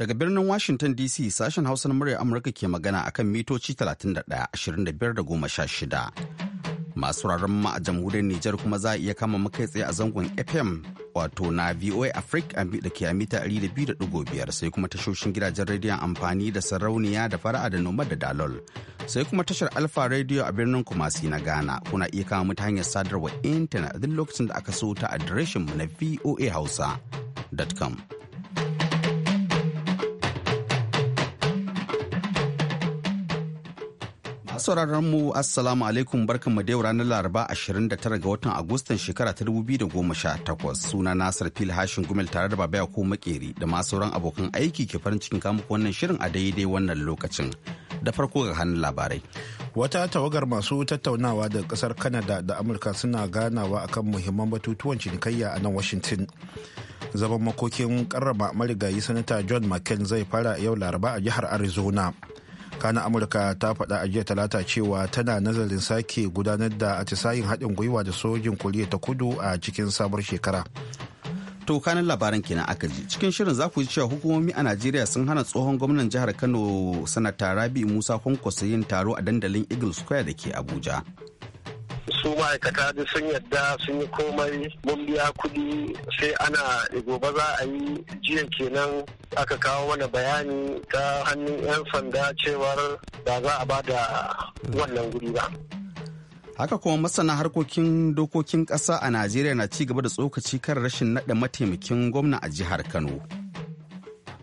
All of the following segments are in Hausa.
Daga birnin Washington DC sashen Hausa na murya Amurka ke magana a kan mitoci 31-25-16. Masu rarren ma a jamhuriyar Nijar kuma za a iya kama makai tsaye a zangon FM wato na VOA Africa da ke mita 200.5 sai kuma tashoshin gidajen rediyon amfani da sarauniya da fara'a da noma da dalol. Sai kuma tashar Alfa Radio a birnin Kumasi na Ghana kuna iya kama mu hanyar sadarwa intanet duk lokacin da aka so ta adireshin mu na voahausa.com. sauraron mu Assalamu alaikum mu da yau ranar Laraba 29 ga watan Agustan shekara ta 2018 suna nasar Fil Hashin Gumel tare da babaya ko Makeri da ma sauran abokan aiki ke farin cikin ko wannan shirin a daidai wannan lokacin. Da farko ga hannun labarai. Wata tawagar masu tattaunawa da kasar kanada da Amurka suna ganawa akan muhimman batutuwan cinikayya a nan Washington. Zaman makokin karrama marigayi sanata John McCain zai fara yau Laraba a jihar Arizona. kana amurka ta faɗa a jiya talata cewa tana nazarin sake gudanar da atisayin haɗin gwiwa da sojin koriya ta kudu a cikin sabuwar shekara to kanin labaran kenan aka ji cikin shirin za ji cewa hukumomi a najeriya sun hana tsohon gwamnan jihar kano sanata rabi musa kwankwaso yin taro a dandalin eagle square da ke abuja su ma'aikata duk sun yadda sun yi komai mun biya kuɗi sai ana gobe za a yi jiya kenan aka kawo mana bayani ta hannun 'yan sanda cewar ba za a ba da wannan guri ba. haka kuma masana harkokin dokokin ƙasa a najeriya na ci gaba da tsokaci kan rashin naɗa mataimakin gwamna a jihar kano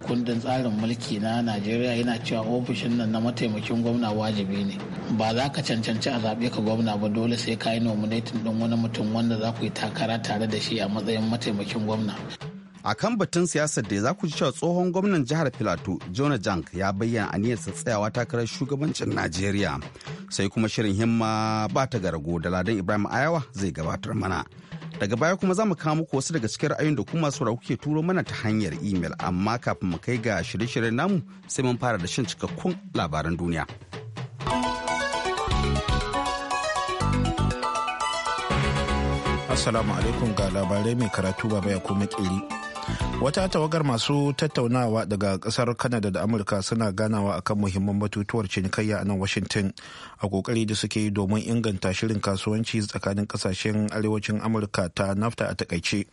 kundin tsarin mulki na najeriya yana cewa ofishin nan na mataimakin gwamna wajibi ne ba za ka cancanci a zaɓe ka gwamna ba dole sai ka yi nominatin ɗin wani mutum wanda za ku yi takara tare da shi a matsayin mataimakin gwamna a kan batun siyasar da za ku ji cewa tsohon gwamnan jihar filato jona jank ya bayyana a sa tsayawa takarar shugabancin najeriya sai kuma shirin himma ba ta gargo da ladan ibrahim ayawa zai gabatar mana daga baya kuma za mu kawo muku wasu daga cikin ra'ayin da kuma masu kuke turo mana ta hanyar imel amma kafin mu kai ga shirye-shiryen namu sai mun fara da shan cikakkun labaran duniya assalamu alaikum ga labarai mai karatu baba ya kuma kiri wata tawagar masu tattaunawa daga kasar canada da amurka suna ganawa akan muhimman batutuwar cinikayya a nan washington a kokari da suke yi domin inganta shirin kasuwanci tsakanin kasashen arewacin amurka ta nafta a takaice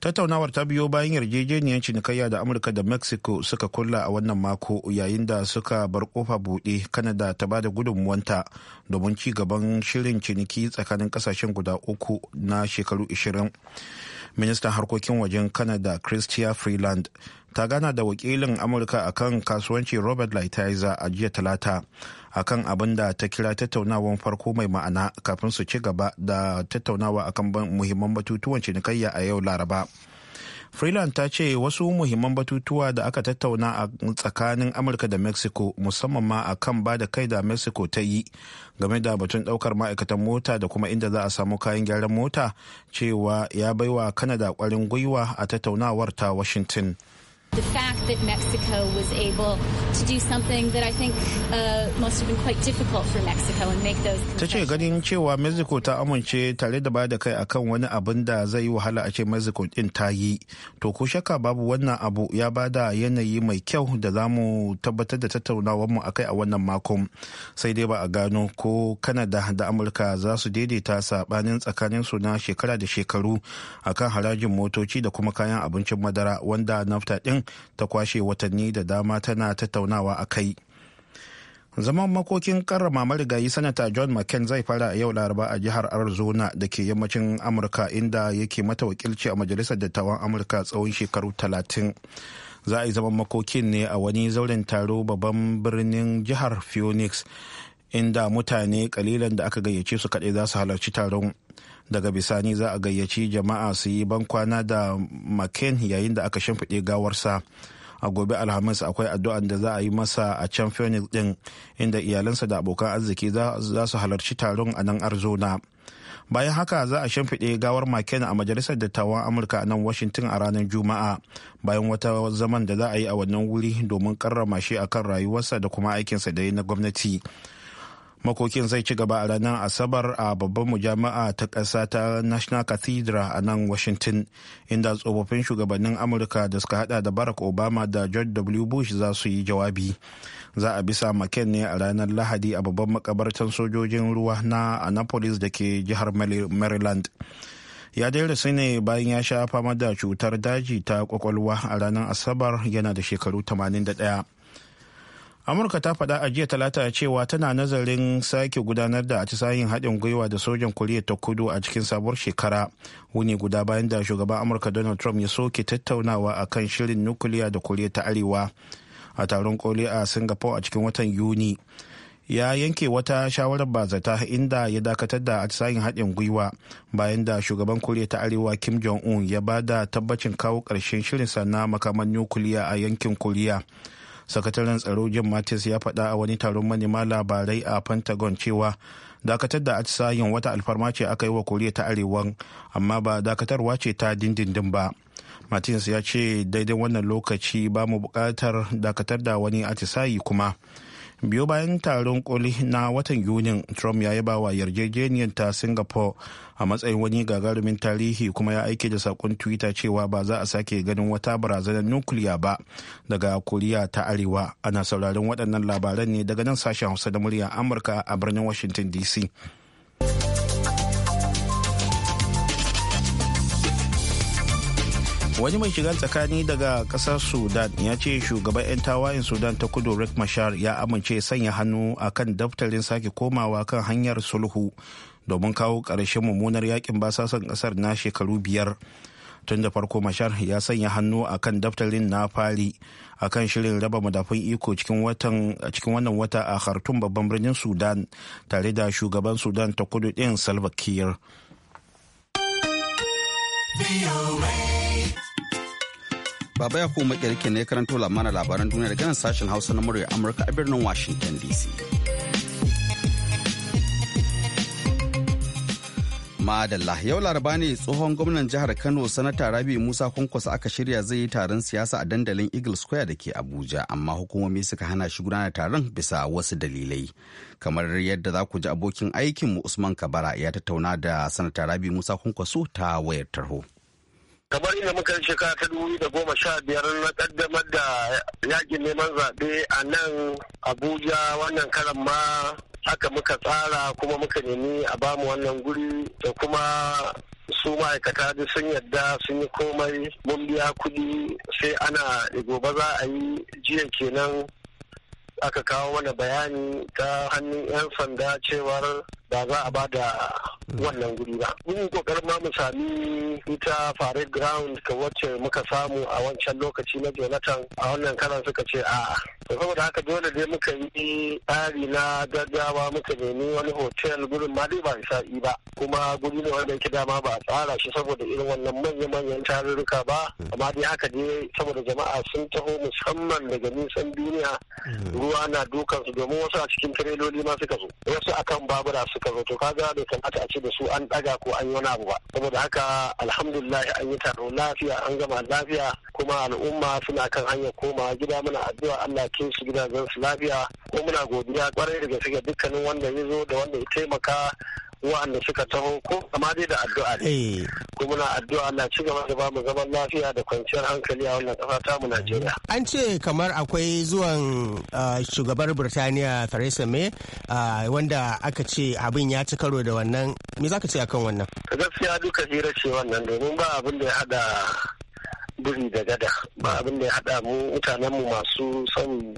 tattaunawar ta biyo bayan yarjejeniyar cinikayya da amurka da mexico suka kulla a wannan mako yayin da suka bar kofa buɗe canada ta bada gudunmuwanta domin ci gaban shirin ciniki tsakanin kasashen guda uku na shekaru ishirin. ministan harkokin wajen canada christia freeland ta gana da wakilin amurka akan kasuwanci robert lighthizer a jiya talata akan abin da ta kira tattaunawan farko mai ma'ana kafin su ci gaba da tattaunawa akan muhimman batutuwan cinikayya a yau laraba Freeland ta ce wasu muhimman batutuwa da aka tattauna a tsakanin Amurka da Mexico musamman ma a kan ba da kai da Mexico ta yi game da batun daukar ma'aikatan mota da kuma inda za a samu kayan gyaran mota cewa ya baiwa Canada kwarin gwiwa a tattaunawar ta Washington. The fact that Mexico was able to do something that I think uh, must have been quite difficult for Mexico and make those Ta ce ganin cewa Mexico ta amince tare da bada kai akan wani abin da zai yi wahala a ce Mexico din ta yi. To ko shakka babu wannan abu ya bada yanayi mai kyau da za mu tabbatar da tattaunawar mu akai a wannan makon. Sai dai ba a gano ko Canada da Amurka za su daidaita sabanin tsakanin su na shekara da shekaru akan harajin motoci da kuma kayan abincin madara wanda nafta din ta kwashe watanni da dama tana tattaunawa a kai zaman makokin karrama marigayi sanata john mccain zai fara a yau laraba a jihar arizona da ke yammacin amurka inda yake mata wakilci a majalisar dattawan amurka tsawon shekaru talatin za a yi zaman makokin ne a wani zauren taro babban birnin jihar phoenix inda mutane kalilan da aka gayyace su kaɗai za su halarci taron daga bisani za a gayyaci jama'a su yi bankwana da mccain yayin da aka shimfiɗe gawarsa a gobe alhamis akwai addu'an da za a yi masa a can phoenix din inda iyalansa da abokan arziki za su halarci taron a nan arizona bayan haka za a shimfiɗe gawar maken a majalisar dattawan amurka a nan washington a ranar juma'a bayan wata zaman da za a yi a wannan wuri domin karrama shi akan rayuwarsa da kuma aikinsa da na gwamnati makokin zai ci gaba a ranar asabar a babban mujama'a ta ƙasa ta national cathedral a nan washington inda tsofaffin shugabannin amurka da suka hada da barack obama da george w bush za su yi jawabi za a bisa maken ne a ranar lahadi a babban makabartan sojojin ruwa na annapolis da ke jihar maryland ya daira sai ne bayan ya sha fama da cutar daji ta kwakwalwa a ranar asabar yana da shekaru 81 amurka ta faɗa a jiya talata cewa tana nazarin sake gudanar da atisayin haɗin gwiwa da sojan koriya ta kudu a cikin sabuwar shekara wuni guda bayan da shugaban amurka donald trump ya soke tattaunawa a kan shirin nukiliya da koriya ta arewa a taron koli a singapore a cikin watan yuni ya yanke wata shawarar bazata inda ya dakatar da atisayin haɗin gwiwa bayan da shugaban koriya ta arewa kim jong-un ya ba da tabbacin kawo ƙarshen shirinsa na makaman nukiliya a yankin koriya sakataren tsaro jim mattis ya faɗa a wani taron manema labarai a pentagon cewa dakatar da atisayin wata alfarma ce aka yi wa koriya ta arewan amma ba dakatarwa ce ta dindindin ba mattis ya ce daidai wannan lokaci ba mu bukatar dakatar da wani atisayi kuma biyo bayan taron koli na watan yunin trump ya yaba wa yarjejeniyar ta singapore a matsayin wani gagarumin tarihi kuma ya aike da sakon twitter cewa ba za a sake ganin wata barazanar nukiliya ba daga koriya ta arewa ana sauraron waɗannan labaran ne daga nan sashen hausa da murya amurka a birnin washington dc wani mai shiga tsakani daga kasar sudan ya ce shugaban 'yan tawayen sudan ta kudu rick mashar ya amince sanya hannu a kan daftarin sake komawa kan hanyar sulhu domin kawo ƙarshen mummunar yakin basasan ƙasar na shekaru biyar tun da farko mashar ya sanya hannu a kan daftarin na fali a kan shirin raba madafun iko cikin wannan wata a khartoum babban birnin sudan tare da shugaban sudan ta kudu din salva kiir Baba ya kuma makirke ne karanto mana labaran duniya daga nan sashen Hausa na murya Amurka a birnin Washington DC. Madalla yau laraba ne tsohon gwamnan jihar Kano sanata Rabi Musa Kwankwasa aka shirya zai yi taron siyasa a dandalin Eagle Square da ke Abuja amma hukumomi suka hana shi gudanar taron bisa wasu dalilai. Kamar yadda za ku ji abokin aikinmu Usman Kabara ya tattauna da sanata Rabi Musa Kwankwaso ta wayar tarho. kamar inda muka yi shekara ta dubu da goma sha biyar na kaddamar da yakin neman zaɓe a nan abuja wannan karan ma haka muka tsara kuma muka nemi a bamu wannan guri da kuma su ma'aikata duk sun yadda sun yi komai mun biya kuɗi sai ana gobe za a yi jiya kenan aka kawo mana bayani ta hannun 'yan sanda cewar ba za a ba da wannan guri ba. Mun kokarin ma mu sami ita fare ground ka wacce muka samu a wancan lokaci na Jonathan a wannan karan suka ce a To saboda haka dole dai muka yi tsari na gaggawa muka nemi wani hotel gurin ma dai ba sa'i ba kuma guri ne wanda yake dama ba a tsara shi saboda irin wannan manya-manyan tarurruka ba amma dai haka dai saboda jama'a sun taho musamman daga nisan duniya mm. ruwa na dukansu domin wasu a cikin tireloli ma suka zo wasu akan babura su suka zo to kaga bai kamata a ce da su an daga ko an yi wani abu ba saboda haka alhamdulillah an yi taro lafiya an gama lafiya kuma al'umma suna kan hanyar koma gida muna addu'a Allah ke su gidajen su lafiya ko muna godiya kwarai da gaske dukkanin wanda ya zo da wanda ya taimaka wa'anda suka taho ko kama dai da addu'a ne. Eh. Kuma na addu'a Allah ci gaba da bamu zaman lafiya da kwanciyar hankali a wannan ƙasa ta mu Najeriya. An ce kamar akwai zuwan ah, shugabar Birtaniya Theresa May ah, wanda aka ce abin ya ci karo da wannan me za ka ce akan wannan? Gaskiya duka hira ce wannan domin ba abin da ya hada biri da gada ba abin da ya haɗa mu mutanen mu masu son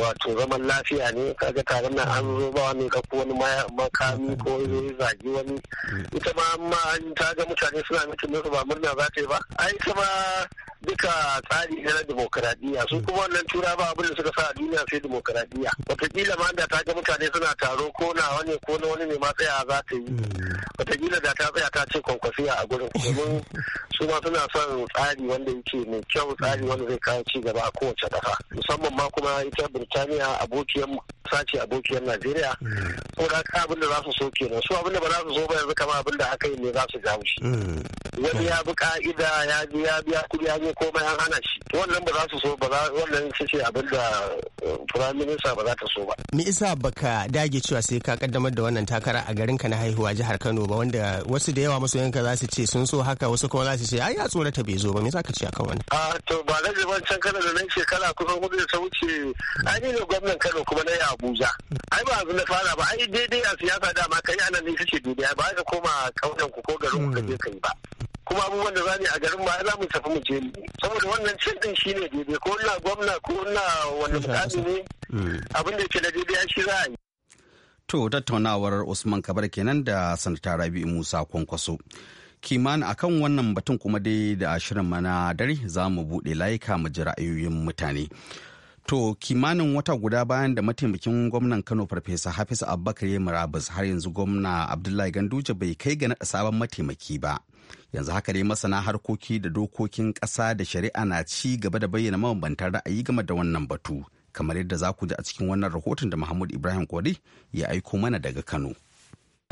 wato zaman lafiya ne kaga tare nan an zo ba wani ko wani makami ko zagi wani ita ma an ta ga mutane suna mutum ba murna za ta yi ba ai ita ma duka tsari na demokaradiyya su kuma wannan tura ba abin da suka sa a duniya sai demokaradiyya wataƙila ma da ta ga mutane suna taro ko na wani ko na wani ne ma tsaya za ta yi wataƙila da ta tsaya ta ce kwankwasiya a gurin domin su ma suna son tsari wanda yake mai kyau tsari wanda zai kawo ci gaba a kowace ƙasa musamman ma kuma ita birtaniya abokiyar sace abokiyar najeriya ko da abin da za su so kenan su abin da ba za su so ba yanzu kama abin da aka yi ne za su jawo shi hmm. wani ya bi ka'ida ya biya kuɗi ya komai an hana shi wannan ba za su so ba za wannan shi ce abin da firayim eh, minista ba za ta so ba. me isa baka dage cewa sai ka kaddamar da wannan takara a garin ka na haihuwa jihar kano ba wanda wasu da yawa masoyanka za su ce sun so haka wasu kuma za su ce ai ya ta bai zo ba me za ka ce akan wannan. a to ba zai ban can kana da nan shekara kusan hudu da ta wuce ai ne gwamnan kano kuma na yi abuja ai ba abin da fara ba ai daidai a siyasa dama kai anan ne kake duniya ba ka koma kaunan ku ko garin ku ka je kai ba kuma abubuwan da za a garin ba za mu tafi mu je saboda wannan cin din ne daidai ko na gwamna ko na wani mutane ne hmm. abin da ke da daidai shi za a yi To tattaunawar Usman Kabar kenan da Sanata Rabi Musa Kwankwaso. Kimanin akan wannan batun kuma dai da ashirin mana dare za mu buɗe layuka mu ji ra'ayoyin mutane. To kimanin wata guda bayan da mataimakin gwamnan Kano Farfesa Hafiz Abubakar ya murabus har yanzu gwamna Abdullahi Ganduje bai kai ga naɗa sabon mataimaki ba. yanzu haka dai masana harkoki da dokokin ƙasa da shari'a na ci gaba da bayyana mabambantan ra'ayi game da wannan batu kamar yadda za ku ji a cikin wannan rahoton da mahmud ibrahim kwari ya aiko mana daga kano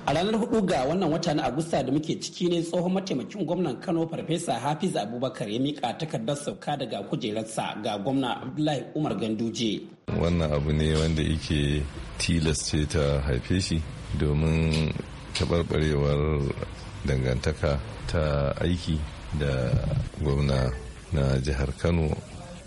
a ranar hudu ga wannan wata na agusta da muke ciki ne tsohon mataimakin gwamnan kano farfesa hafiz abubakar ya mika takardar sauka daga kujerarsa ga gwamna abdullahi umar ganduje wannan abu ne wanda yake tilas ce ta haife shi domin taɓarɓarewar dangantaka ta aiki da gwamna na jihar kano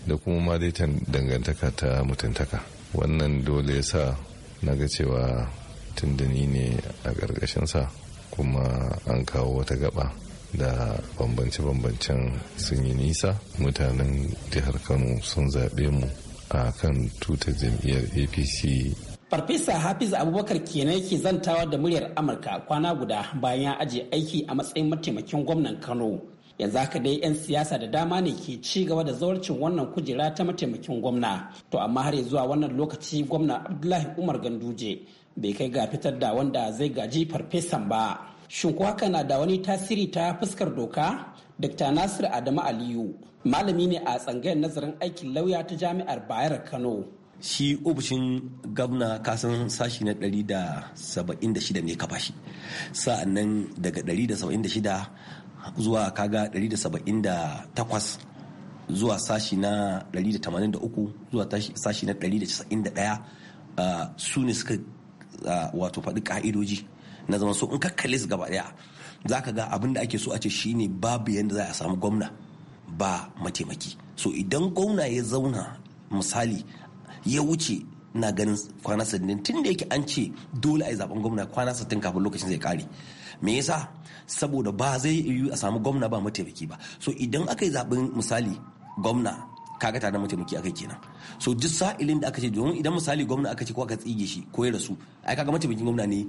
da kuma ma dai dangantaka ta mutuntaka wannan dole sa na ga cewa tundani ne a ƙarƙashinsa kuma an kawo wata gaba da bambance-bambancen sun yi nisa mutanen jihar kano sun zaɓe mu a kan tutar jam'iyyar apc Farfesa Hafiz Abubakar kenan yake zantawa da muryar Amurka kwana guda bayan ya aje aiki a matsayin mataimakin gwamnan Kano. Yanzu haka dai 'yan siyasa da dama ne ke ci gaba da zawarcin wannan kujera ta mataimakin gwamna. To amma har zuwa wannan lokaci gwamna Abdullahi Umar Ganduje bai kai ga fitar da wanda zai gaji farfesan ba. Shin ko haka na da wani tasiri ta fuskar doka? Dr. Nasir Adamu Aliyu malami ne a tsangayar nazarin aikin lauya ta jami'ar Bayar Kano. shi ofishin gwamna kasan sashi na 176 ne kafa shi sa'annan daga 176 zuwa kaga 178 zuwa sashi na 183 zuwa sashi na 191 su ne suka wato faɗi ka'idoji na zama so in ka kalli su gaba daya za ka ga abin da ake so a ce shine babu yadda za a samu gwamna ba mataimaki so idan gwamna ya zauna misali ya wuce na ganin kwana 60 tun da yake an ce dole a yi zaben gwamna kwana 60 kafin lokacin zai kare me yasa saboda ba zai yi a samu gwamna ba mataimaki ba so idan aka yi zaben misali gwamna kaga tare da mataimaki aka kenan so duk sa'ilin da aka ce domin idan misali gwamna aka ce ko aka tsige shi ko ya rasu ai kaga mataimakin gwamna ne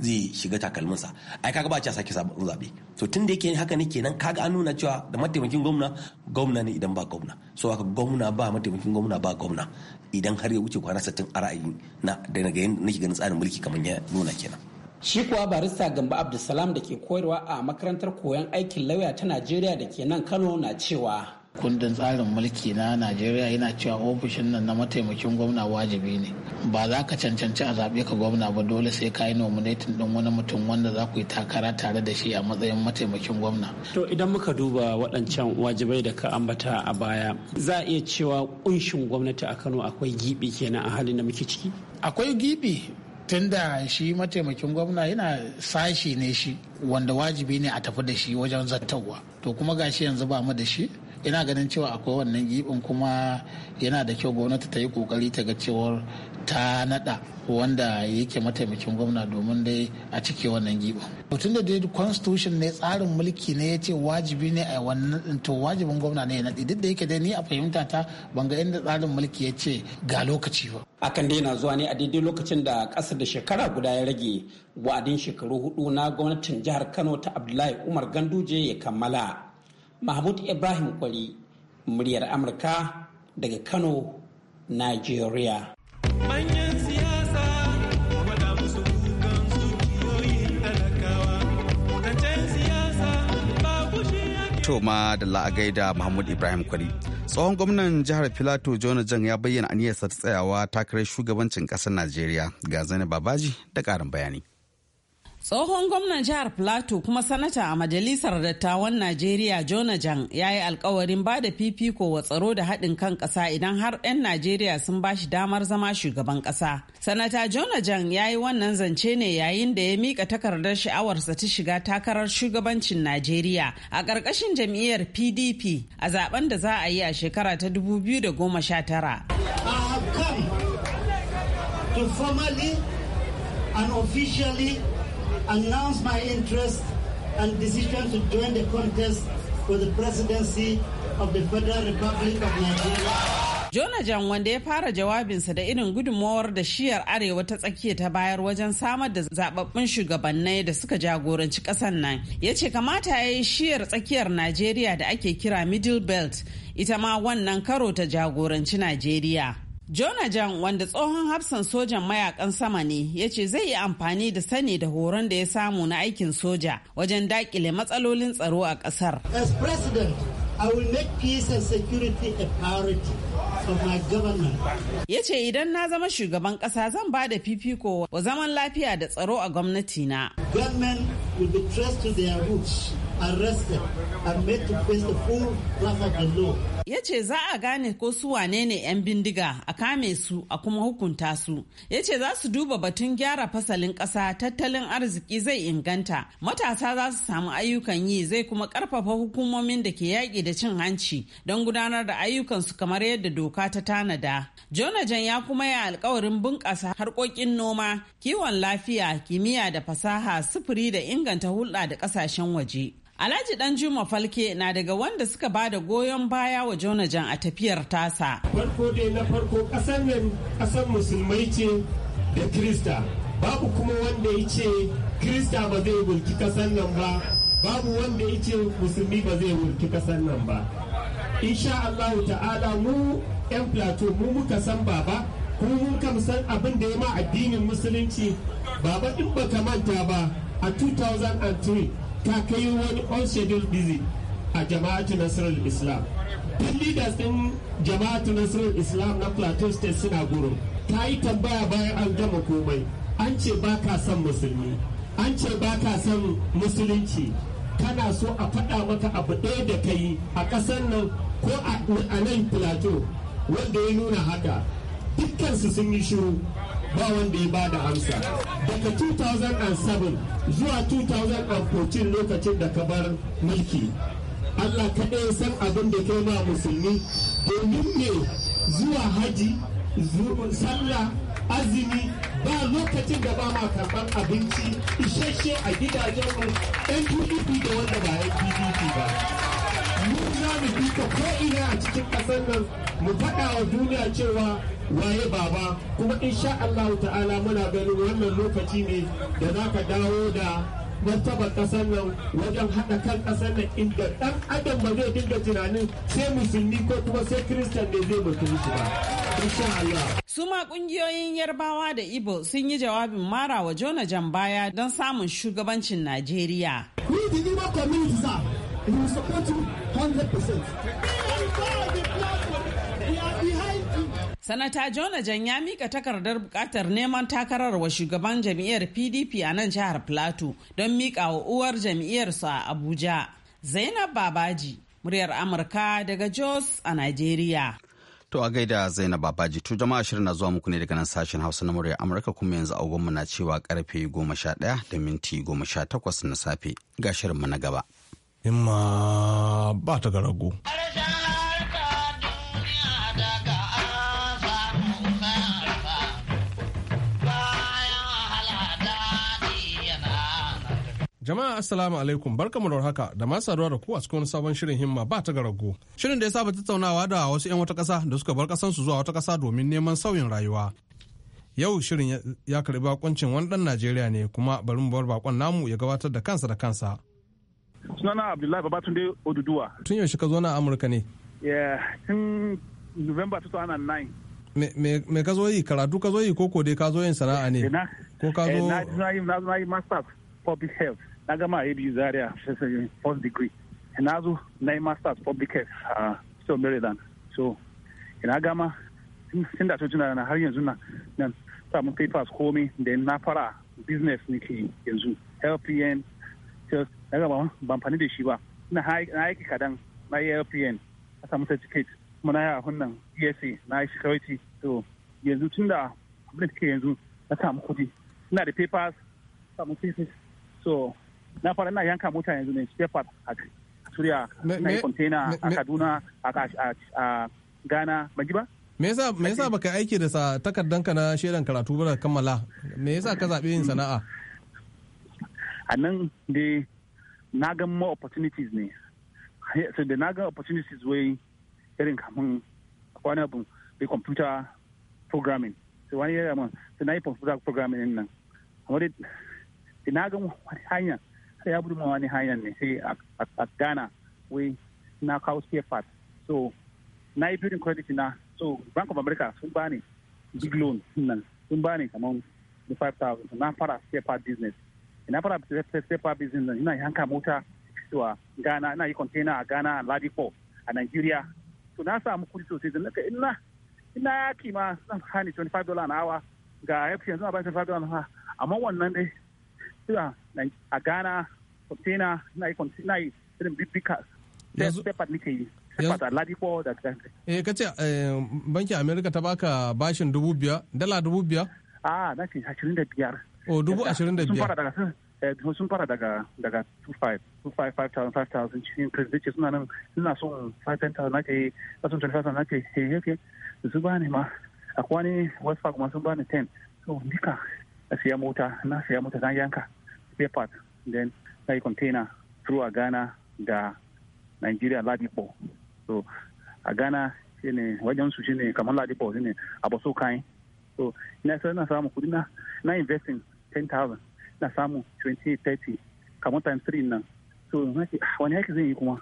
zai shiga takalminsa ai kaga ba a sake sabon zabe to tun da yake haka ne kenan kaga an nuna cewa da mataimakin gwamna gwamna ne idan ba gwamna so haka gwamna ba mataimakin gwamna ba gwamna idan har ya wuce kwana sittin a ra'ayi na da na nake ganin tsarin mulki kamar ya nuna kenan shi kuwa barista gamba abdulsalam da ke koyarwa a makarantar koyon aikin lauya ta najeriya da ke nan kano na cewa kundin tsarin mulki na najeriya yana cewa ofishin nan na mataimakin gwamna wajibi ne ba za ka cancanci a zaɓe ka gwamna ba dole sai ka yi nominatin ɗin wani mutum wanda za ku yi takara tare da shi a matsayin mataimakin gwamna to idan muka duba waɗancan wajibai da ka ambata a baya za a iya cewa kunshin gwamnati a kano akwai gibi kenan a halin da muke ciki akwai gibi tunda shi mataimakin gwamna yana sashi ne shi wanda wajibi ne a tafi da shi wajen zattawa to kuma gashi yanzu ba mu da shi ina ganin cewa akwai wannan gibin kuma yana da kyau gwamnati ta yi kokari ta ga cewar ta nada wanda yake mataimakin gwamna domin dai a cike wannan gibin mutum da dai constitution ne tsarin mulki ne ya ce wajibi ne a wannan to wajibin gwamna ne ya naɗi duk da yake dai ni a fahimta ta ban ga inda tsarin mulki ya ce ga lokaci ba akan dai na zuwa ne a daidai lokacin da ƙasa da shekara guda ya rage wa'adin shekaru hudu na gwamnatin jihar kano ta abdullahi umar ganduje ya kammala mahmud ibrahim kwari muryar amurka daga kano nigeria to ma da la'agai da Mahmud Ibrahim Kwari. Tsohon gwamnan jihar Filato Jona Jan ya bayyana aniyarsa ta tsayawa takarar shugabancin ƙasar Najeriya ga Zainab Babaji da ƙarin bayani. Tsohon gwamnan jihar Plateau kuma sanata a Majalisar Dattawan Najeriya Jonajan ya yi alkawarin ba da fifiko wa tsaro da haɗin kan ƙasa idan har 'yan Najeriya sun ba shi damar zama shugaban ƙasa. Sanata Jonajan ya yi wannan zance ne yayin da ya mika takardar sha'awarsa ta shiga takarar shugabancin Najeriya a ƙarƙashin jam'iyyar PDP a zaben da za a yi a shekara ta 2019. To formally and officially announce my interest and decision to join the contest for the presidency of the Federal Republic of Nigeria. Jonajan wanda ya fara jawabinsa da irin gudunmawar da shiyar arewa ta tsakiya ta bayar wajen samar da zababbun shugabannai da suka jagoranci ƙasar nan ya ce kamata ya yi shiyar tsakiyar Najeriya da ake kira Middle Belt ita ma wannan karo ta jagoranci Najeriya. Jona Jan wanda tsohon hafsan sojan mayakan sama ne ya ce zai yi amfani da sani da horon da ya samu na aikin soja wajen dakile matsalolin tsaro a kasar. As president, I will make peace and security a priority. Ya ce idan na zama shugaban kasa zan ba da fifiko wa zaman lafiya da tsaro a gwamnati na. Government will be to their roots, ya ce za a gane ko su wane ne 'yan bindiga a kame su a kuma hukunta su ya ce za su duba batun gyara fasalin ƙasa tattalin arziki zai inganta matasa za su samu ayyukan yi zai kuma ƙarfafa hukumomin da ke yaƙi da cin hanci don gudanar da ayyukan su kamar yadda doka ta tanada jonajan ya kuma yi alkawarin bunƙasa harkokin noma kiwon lafiya kimiyya da fasaha sufuri da inganta hulɗa da ƙasashen waje Alhaji Dan Juma Falke na daga wanda suka ba da goyon baya wa Jonajan a tafiyar tasa. Farko dai na farko kasar nan kasar musulmai ce da Krista. Babu kuma wanda ya ce Krista ba zai mulki kasar nan ba. Babu wanda ya ce musulmi ba zai mulki kasar nan ba. Insha Allahu ta'ala mu 'yan plateau mu muka san baba kuma mun kam san abin da ya ma addinin musulunci baba in baka manta ba a 2003 ta kai wani all schedule visit a jama'atu nasarar islam tun leaders din jama'atu nasarar islam na plateau state suna goro. ta yi tambaya bayan an gama komai an ce ba ka son musulmi an ce ba ka son musulunci kana so a faɗa maka abu ɗaya da ka yi a ƙasar nan ko a nan plateau wanda ya nuna haka dukkansu sun yi shiru ba wanda ya bada amsa daga 2007 zuwa 2014 lokacin da ka bar mulki Allah kaɗai san abin da kai ma musulmi domin ne zuwa haji sallah azumi ba lokacin da ba ma karɓar abinci isasshe a gidajenmu 'yan pdp da wanda ba 'yan pdp ba mu za mu duka ko'ina a cikin ƙasar nan mu faɗa wa duniya cewa waye baba kuma insha Allah ta'ala muna ganin wannan lokaci ne da za ka dawo da martabar kasar nan wajen haɗa kan kasar nan inda ɗan adam ba zai dinga tunanin sai musulmi ko kuma sai kiristan ne zai mutu shi ba. Insha Allah. Su ma ƙungiyoyin Yarbawa da Ibo sun yi jawabin mara wa Jona baya don samun shugabancin Najeriya. We We will support you 100%. Sanata Jona Jan ya mika takardar bukatar neman takarar wa shugaban jam'iyyar PDP a nan jihar Plateau don mika wa uwar jam'iyyarsa a Abuja. Zainab Babaji, muryar Amurka daga Jos a Najeriya. To a gaida Zainab Babaji, to jama'a shirin na zuwa muku ne daga nan sashen Hausa na muryar Amurka kuma yanzu agogonmu na cewa karfe ɗaya da minti goma sha takwas na safe ga shirinmu na gaba. himma ba ta garago. Jama'a Assalamu alaikum barkamu da haka da masu saduwa da ku a cikin sabon shirin himma ba ta garago. Shirin da ya saba tattaunawa da wasu 'yan wata ƙasa da suka bar ƙasansu zuwa wata ƙasa domin neman sauyin rayuwa. Yau shirin ya karɓi bakoncin wani ɗan Najeriya ne kuma bari mu bar bakon namu ya gabatar da kansa da kansa. sunana abdullahi babatunde oduduwa tun yaushe ka zo na amurka ne tun november 2009 me ka zo yi karatu ka zo yi koko dai ka zo yin sana'a ne ko ka zo eh, na zo yi masters public health na gama a abu zaria first degree na zo na yi masters public health a uh, still maryland so ina gama tun da tuna na har yanzu na nan samu papers komi da na fara business nake yanzu lpn health daga ba ban fani da shi ba na aiki kadan na european a samu certificate kuma na yi e a hunnan esa na yi security to yanzu tun da abin da yanzu na samu kudi ina da papers samu cases so na fara ina yanka mota yanzu ne spare paper a turiya na yi container a Kaduna a Ghana magiba me yasa me yasa baka aiki da takardan ka na shaidan karatu ba da kammala me yasa ka zabe yin sana'a a nan dai na ga ma opportunities ne so da na ga opportunities wai irin kamun wani abu bai computer programming so wani yara man so na yi computer programming din nan amma dai na ga wani hanya sai ya budu ma wani hanya ne sai a Ghana wai na kawo spare part so na yi building credit na so bank of america sun bani big loan nan sun bani kamar 5,000 na fara spare part business ina fara sefa business nan ina yanka mota zuwa ghana ina yi container a ghana a ladipo a nigeria to na samu kudi sosai zan naka ina ina ya kima zan hani 25 dollar na Awa, ga yafi yanzu a bayan 25 dollar na amma wannan dai zuwa a ghana container ina yi container irin big big cars sefa nike yi Eh ka ce eh, bankin Amerika ta baka bashin dubu biyar, dala dubu biyar? Ah, na ke ashirin da biyar. oh, dubu ashirin da biyar eh, sun fara daga daga 25 5,000 5,000 cikin kristice suna nan suna son 5,000 nake yi kasan 25,000 na kai heke su ba ne ma a kwani west park ma sun ba ne 10 so nika a siya mota na siya mota na yanka spare part then na yi container through a ghana da nigeria ladipo so a ghana shi ne wajen su shi ne kamar ladipo shi ne a basu kayan so ina sai na samu kudi na investing 10,000 na samu 2030 30 kamar times 3 nan so wani aiki zai yi kuma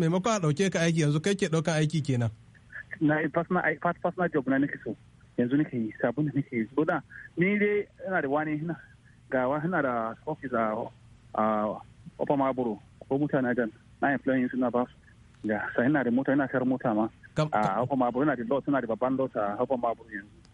maimakon a dauke ka aiki yanzu kai ke ɗaukan aiki kenan na personal job na nake so yanzu nake yi sabon da nake yi so da ni dai ina da wani hina ga wani hina da office a opa maburo ko mutane jan na employees na ba ga sai ina da mota ina kar mota ma a opa maburo ina da lot ina da babban lot a opa maburo yanzu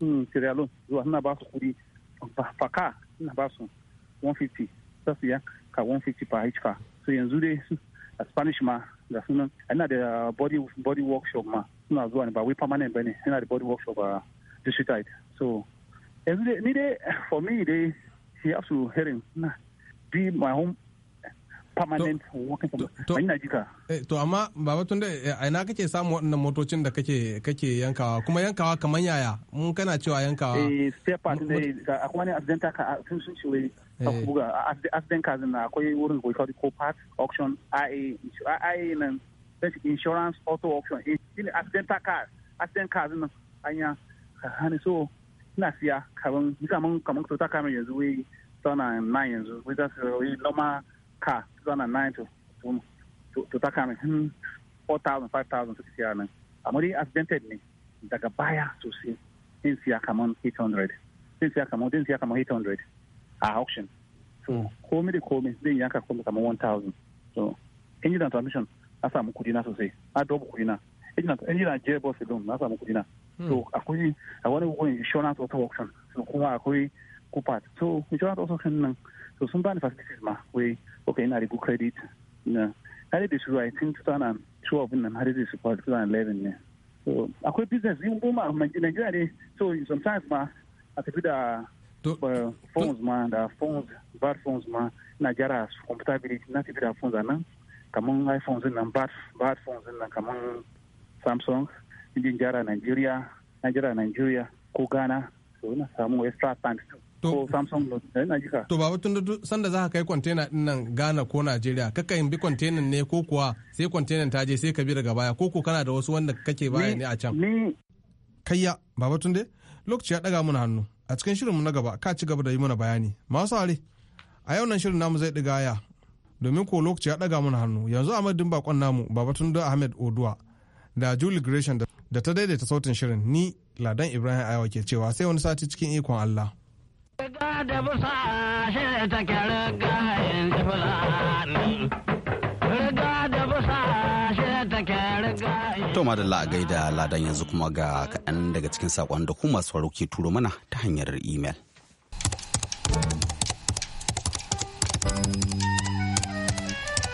su sierra zuwa na ba su kuɗi faka na ba su 150 za su yanka 150 per so yanzu dai a spanish ma ga sunan da body body workshop ma suna zuwa ne ba wai permanent bane yana da body workshop a district so yanzu eh, dai ni dai for me dai you have to hearing na be my home permanent workers ina jika to amma baba tunda eh, a ina kake samu waɗannan motocin da kake kake yankawa kuma yankawa kamar yaya mun kana cewa yankawa eh spare part ne akwai ne accident ka sun sun ce eh. wai buga accident ka na akwai wurin ko ko part auction ia ia nan insurance auto auction eh, in accident ka accident ka nan anya hani so ina siya kaman kaman kaman ta Camry yanzu wai 2009 yanzu wai da su yi normal car 2009 to, to, to, to Takame, hmm, 4,000, 5,000 suka siya nan. Uh, Amma dai accidented ne daga baya sosai sun siya kamar 800, sun siya since sun siya kamar 800 a auction. So komi da komi zai yanka komi kamar 1,000. So engine and transmission na samu kudi na sosai, na dobu kudi na. Engine and gearbox alone That's samu kudi na. So akwai a wani wurin insurance auto auction, so kuma akwai kupat. So insurance auto auction nan So sun bani facilities ma wai okay na rigu credit na har da su right in 2012 nan har da su 2011 ne. So akwai business yin goma a Nigeria ne so sometimes ma a tafi da phones ma da phones bad phones ma na gyara su computability na tafi da phones na nan kamar iPhones nan bad bad phones na kamar Samsung indin gyara Nigeria Nigeria Nigeria ko Ghana so na samu extra thanks to samsung na jika. to baba tun sanda za ka kai kwantena din nan ghana ko najeriya kaka yin bi kwantenan ne ko kuwa sai kwantenan ta je sai ka bi daga baya ko ko kana da wasu wanda kake baya ne a can ni kayya baba tun dai lokaci ya daga mana hannu a cikin shirinmu na gaba ka ci gaba da yi mana bayani masu are a yau nan shirin namu zai diga ya domin ko lokaci ya daga mana hannu yanzu a madadin bakon namu tunde ahmed oduwa da julie gresham da ta daidaita sautin shirin ni ladan ibrahim ayawa ke cewa sai wani sati cikin ikon allah Riga da da To madalla a gaida ladan yanzu kuma ga kaɗan daga cikin saƙon da kuma masu ke turo mana ta hanyar imel.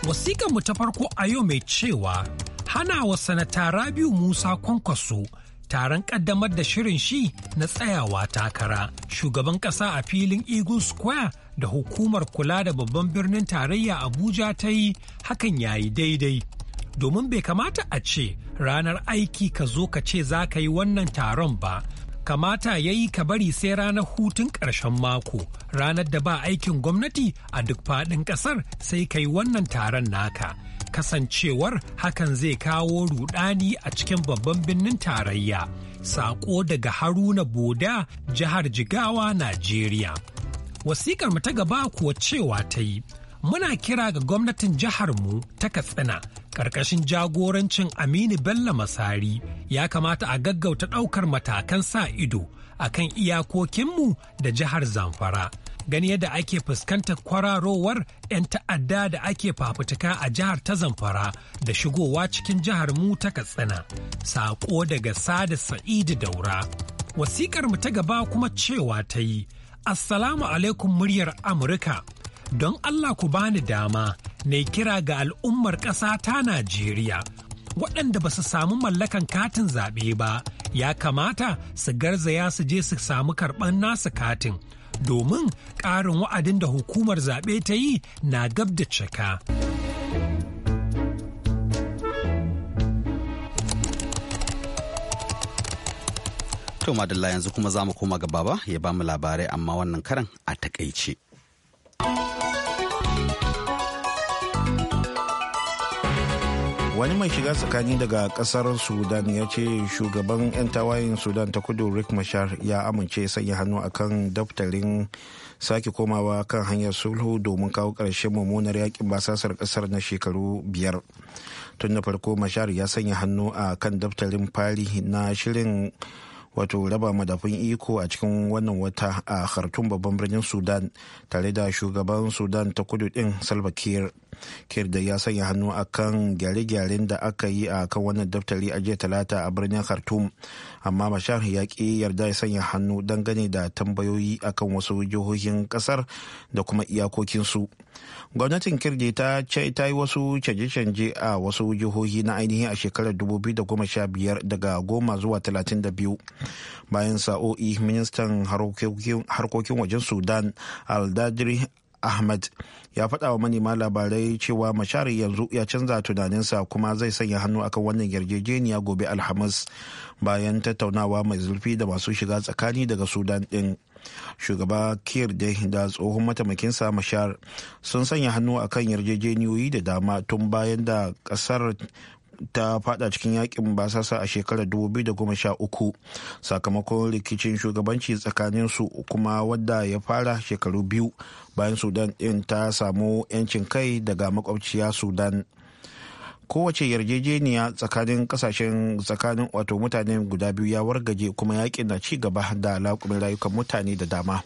Wasiƙar mu ta farko a yau mai cewa hana wa sanata Rabiu Musa Kwankwaso taron kaddamar da shirin shi na tsayawa takara shugaban ƙasa a filin eagle square da hukumar kula da babban birnin tarayya abuja ta yi hakan ya yi daidai domin bai kamata a ce ranar aiki ka zo ka ce za ka yi wannan taron ba kamata ya yi ka bari sai ranar hutun ƙarshen mako ranar da ba aikin gwamnati a duk faɗin ƙasar sai ka yi wannan taron naka kasancewar hakan zai kawo rudani a cikin babban birnin tarayya saƙo daga haruna boda jihar jigawa najeriya wasikar mu ta gaba kuwa cewa ta yi muna kira ga gwamnatin jiharmu ta katsina ƙarƙashin jagorancin aminu bello masari ya kamata a gaggauta ɗaukar matakan sa ido a kan iyakokinmu da jihar zamfara gani yadda ake fuskantar kwararowar 'yan ta'adda da ake fafutuka a jihar ta zamfara da shigowa cikin jihar mu ta katsina saƙo daga sada sa'idu daura wasikar mu ta gaba kuma cewa ta yi assalamu alaikum muryar amurka don allah ku bani dama ne kira ga al'ummar ƙasa ta najeriya waɗanda ba su samu mallakan katin zaɓe ba ya kamata su garzaya su je su samu karɓan nasu katin domin ƙarin wa'adin da hukumar zaɓe ta yi na gab da cika. To madalla yanzu kuma za mu koma gaba ba, ya ba mu labarai amma wannan karan a takaice. wani mai shiga tsakani daga kasar sudan ya ce shugaban 'yan tawayen sudan ta kudu rick mashar ya amince sanya hannu akan daftarin sake komawa kan hanyar sulhu domin kawo ƙarshen mummunar yakin basasar ƙasar na shekaru biyar tun da farko mashar ya sanya hannu a kan daftarin fari na shirin wato raba madafin iko a cikin wannan wata a khartum babban birnin sudan tare da shugaban sudan ta kudu din salva kir ya sanya hannu a kan gyare-gyaren da aka yi a kan wannan daftari a jiya talata a birnin khartoum amma mashar ya ƙi yarda ya sanya hannu dangane da tambayoyi a kan wasu jihohin ƙasar da kuma iyakokinsu gwamnatin kirji ta ce ta yi wasu canje-canje a wasu jihohi na ainihin a shekarar 2015 daga goma zuwa 32 bayan sa'o'i ministan harkokin wajen sudan aldadri ahmad ya faɗa wa manema labarai cewa mashar yanzu ya canza tunaninsa kuma zai sanya hannu akan wannan yarjejeniya gobe alhamis bayan tattaunawa mai zurfi da masu shiga tsakani daga sudan ɗin shugaba kir da tsohon mataimakinsa mashar sun sanya hannu akan yarjejeniyoyi da dama tun bayan da ƙasar ta fada cikin yakin basasa a shekarar 2013 sakamakon rikicin shugabanci tsakanin su kuma wadda ya fara shekaru biyu bayan sudan din ta samu 'yancin kai daga makwabciya sudan kowace yarjejeniya tsakanin kasashen tsakanin wato mutane guda biyu ya wargaje kuma yakin na ci gaba da laƙumin rayukan mutane da dama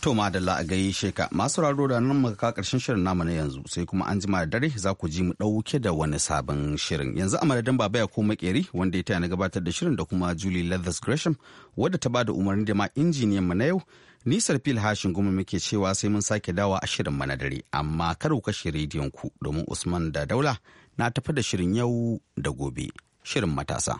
To madalla a gaishe sheka masu raro da nan muka ka karshen shirin namu na yanzu sai kuma an jima da dare za ku ji mu ɗauke da wani sabon shirin yanzu a madadin baba ya koma makeri wanda ya taya na gabatar da shirin da kuma Julie Leathers Gresham wadda ta bada umarni da ma injiniyan mu na yau Nisar fil hashin goma muke cewa sai mun sake dawa a shirin mana dare amma kar ku kashe rediyon ku domin Usman da Daula na tafi da shirin yau da gobe shirin matasa.